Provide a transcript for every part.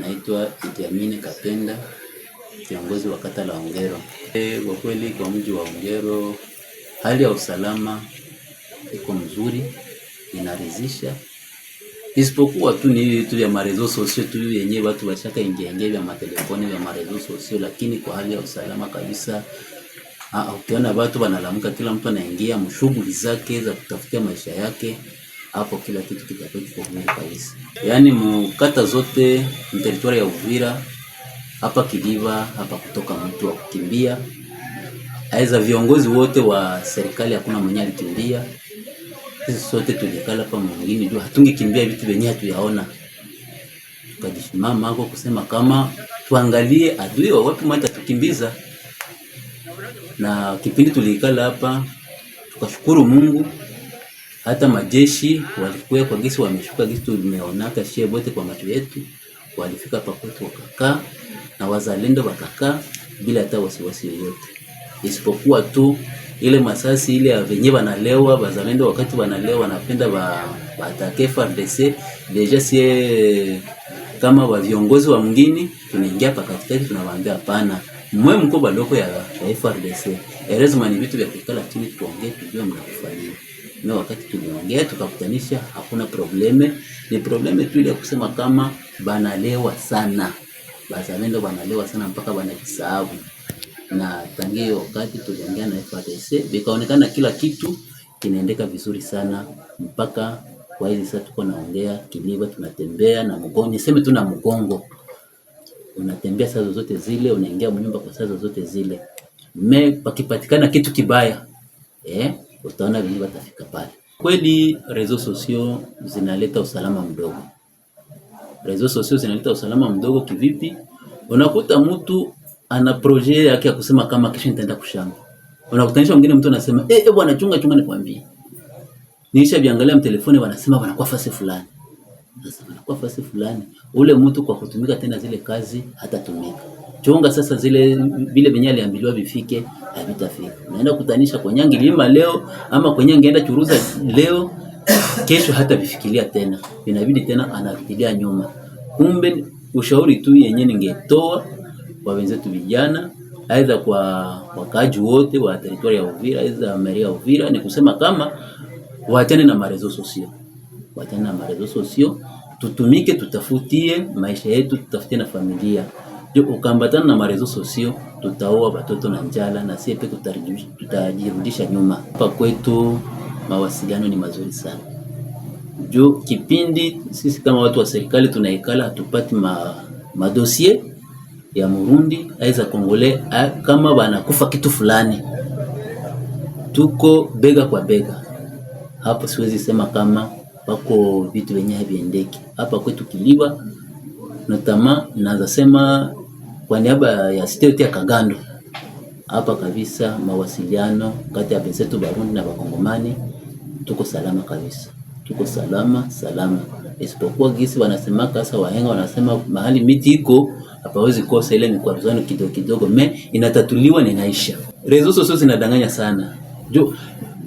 Naitwa Idi Kapenda, kiongozi wa kata la Ongero. E, kwa kweli kwa mji wa Ongero hali ya usalama iko mzuri, inaridhisha, isipokuwa tu ni ile tu ya marezo sosio tu yenyewe watu washaka ingia ingia vya matelefoni vya marezo sosio, lakini kwa hali ya usalama kabisa ah, ukiona watu wanalamka kila mtu anaingia mshughuli zake za kutafutia maisha yake hapo kila kitu kitakuwa kiko vizuri kabisa. Yaani mkata zote mteritwari ya Uvira hapa Kidiva hapa kutoka mtu wa kukimbia aiza, viongozi wote wa serikali hakuna mwenye alikimbia. Sisi sote tulikala hapa mwingine juu hatungekimbia vitu vyenye hatuyaona, tukajisimama hapo kusema kama tuangalie adui wa wapi mata tukimbiza. Na kipindi tulikala hapa tukashukuru Mungu hata majeshi walikuwa kwa gisi wameshuka gisi tumeonaka shie bote kwa macho yetu, walifika pakwetu wakakaa na wazalendo wakakaa bila hata wasiwasi yoyote, isipokuwa tu ile masasi ile ya venye wanalewa wazalendo, wakati wanalewa wanapenda waatake FARDC deja sie kama wa viongozi wa mgini tunaingia pakatikati, tunawaambia hapana, mwe mko baloko ya FARDC erezumani vitu vya kuikala chini tuongee, tujue mnakufanyia Mheshimiwa, wakati tuliongea tukakutanisha, hakuna probleme, ni probleme tu ile kusema kama banalewa sana, bazalendo banalewa sana mpaka banajisahau. Na tangia wakati tuliongea na FARDC bikaonekana kila kitu kinaendeka vizuri sana mpaka kwa hizi sasa tuko naongea Kiliba, tunatembea na mgongo, niseme tu na mgongo unatembea saa zote zile, unaingia mnyumba kwa saa zote zile. Me pakipatikana kitu kibaya eh utaona vyenyewe watafika pale. Kweli rezo sosio zinaleta usalama mdogo. Rezo sosio zinaleta usalama mdogo kivipi? Unakuta mtu ana projet yake ya kusema kama kesho nitaenda kushamba. Unakutanisha mwingine mtu anasema eh, hey, eh, bwana chunga chunga nikwambie. Niisha biangalia mtelefoni wanasema wanakuwa fasi fulani. Sasa wanakuwa fasi fulani. Ule mtu kwa kutumika tena zile kazi hatatumika chonga sasa zile vile venye aliambiliwa vifike havitafika. Naenda kutanisha kwenye angilima leo ama kwenye angeenda churuza leo, kesho hata vifikilia tena, inabidi tena anarutilia nyuma. Kumbe ushauri tu yenye ningetoa kwa wenzetu vijana, aidha kwa wakaji wote wa teritoria ya Uvira, aidha maria ya Uvira, ni kusema kama waachane na marezo sosio, waachane na marezo sosio, tutumike, tutafutie maisha yetu, tutafutie na familia Je, ukaambatana na marezo sosio, tutaua watoto na njala na siepe tutajirudisha nyuma. Hapa kwetu mawasiliano ni mazuri sana. Jo, kipindi sisi kama watu wa serikali tunaikala hatupati ma, madosie ya Murundi aiza Kongole a, kama wanakufa kitu fulani, tuko bega kwa bega hapo. Siwezi sema kama wako vitu venye haviendeki hapa kwetu Kiliwa notama naweza sema kwa niaba ya state ya Kagando hapa kabisa, mawasiliano kati ya benzetu Barundi na Bakongomani, tuko salama kabisa, tuko salama salama, isipokuwa gisi wanasema kasa wahenga wanasema mahali miti iko hapawezi kosa, ile ni kidogo kidogo, me inatatuliwa ninaisha inaisha. Rezo sosio zinadanganya sana jo,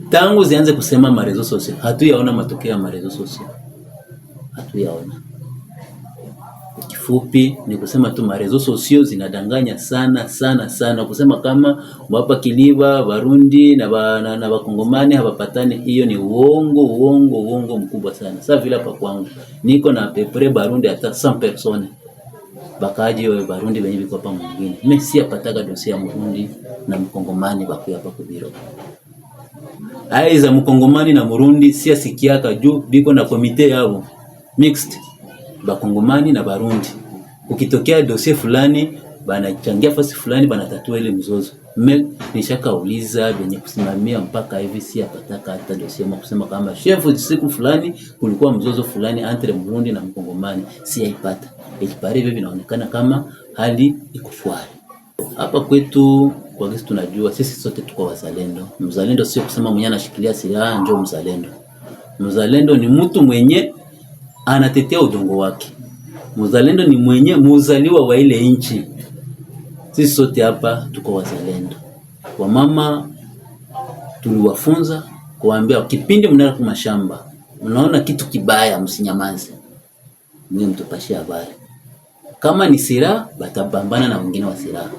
tangu zianze kusema marezo sosio hatuyaona matokeo ya marezo sosio, hatuyaona kifupi ni kusema tu marezo sosio zinadanganya sana sana sana, kusema kama wapa kiliba Barundi na ba, na, na hawapatani, hiyo ni uongo uongo uongo mkubwa sana. Sasa vile hapa kwangu niko na pepre Barundi hata 100 persone bakaji wa Barundi wenye biko hapa mwingine, mimi si apataka dosia ya Murundi na Mkongomani bakuya hapa kubiro aiza Mkongomani na Murundi siasikiaka juu biko na komite yao mixed bakongomani na Barundi. Ukitokea dosie fulani banachangia fasi fulani banatatua ile mzozo. Me nishakauliza venye kusimamia mpaka hivi si akataka hata dosie kusema kama shefu, siku fulani kulikuwa mzozo fulani entre Murundi na Mkongomani, si aipata ikipari hivi, vinaonekana kama hali iko shwari hapa kwetu. Kwa sisi tunajua sisi sote tuko wazalendo. Mzalendo sio kusema mwenye anashikilia silaha ndio mzalendo. Mzalendo ni mtu mwenye anatetea udongo wake. muzalendo ni mwenye muzaliwa wa ile nchi. Sisi sote hapa tuko wazalendo. mama tuliwafunza kuwaambia, kipindi mnaenda kwa mashamba mnaona kitu kibaya, msinyamaze, ni mtupashie habari. Kama ni silaha, batapambana na wengine wa silaha.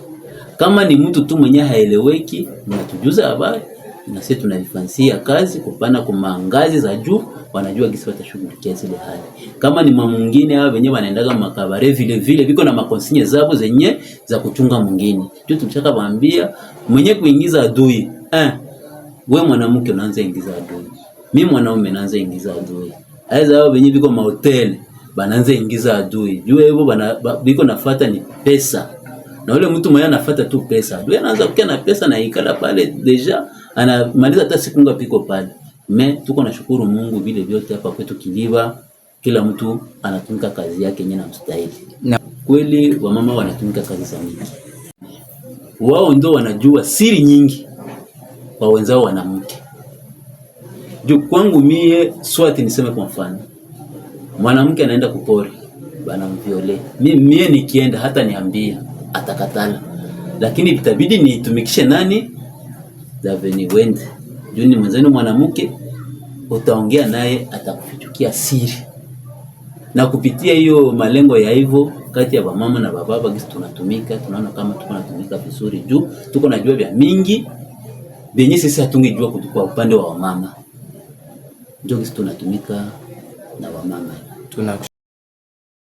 Kama ni mtu tu mwenye haeleweki, mnatujuza habari na sisi tunaifansia kazi kupana kwa ngazi za juu, wanajua gisi watashughulikia zile hali. Kama ni mwingine hao wenyewe wanaendaga makabare vile vile, viko na makonsinye zabo zenye za kuchunga mwingine, Tu tumshaka waambia mwenye kuingiza adui eh, wewe mwanamke unaanza ingiza adui, mimi mwanaume naanza ingiza adui, aiza hao wenyewe biko mahoteli banaanza ingiza adui, jua hivyo bana biko nafuata ni pesa, na ule mtu mwenye anafuata tu pesa, adui anaanza kukia na pesa na ikala pale deja anamaliza hata siku ngapi iko pale. Me tuko nashukuru Mungu vile vyote hapa kwetu Kiliba, kila mtu anatumika kazi yake yenyewe namstahili. Kweli wamama wanatumika kazi za mingi, wao ndio wanajua siri nyingi kwa wenzao wanamke. Juu kwangu mie swati niseme kwa mfano, mwanamke anaenda kupori bana mviole mie, mie nikienda hata niambia atakatala, lakini itabidi niitumikishe nani za wende juu ni mwenzenu mwanamke, utaongea naye atakufichukia siri, na kupitia hiyo malengo ya hivyo kati ya wamama na wababa, gisi tunatumika, tunaona kama tuko natumika vizuri, juu tuko najua vya mingi vyenye sisi hatungejua kutukua upande wa wamama, ndio gisi tunatumika na wamama tuna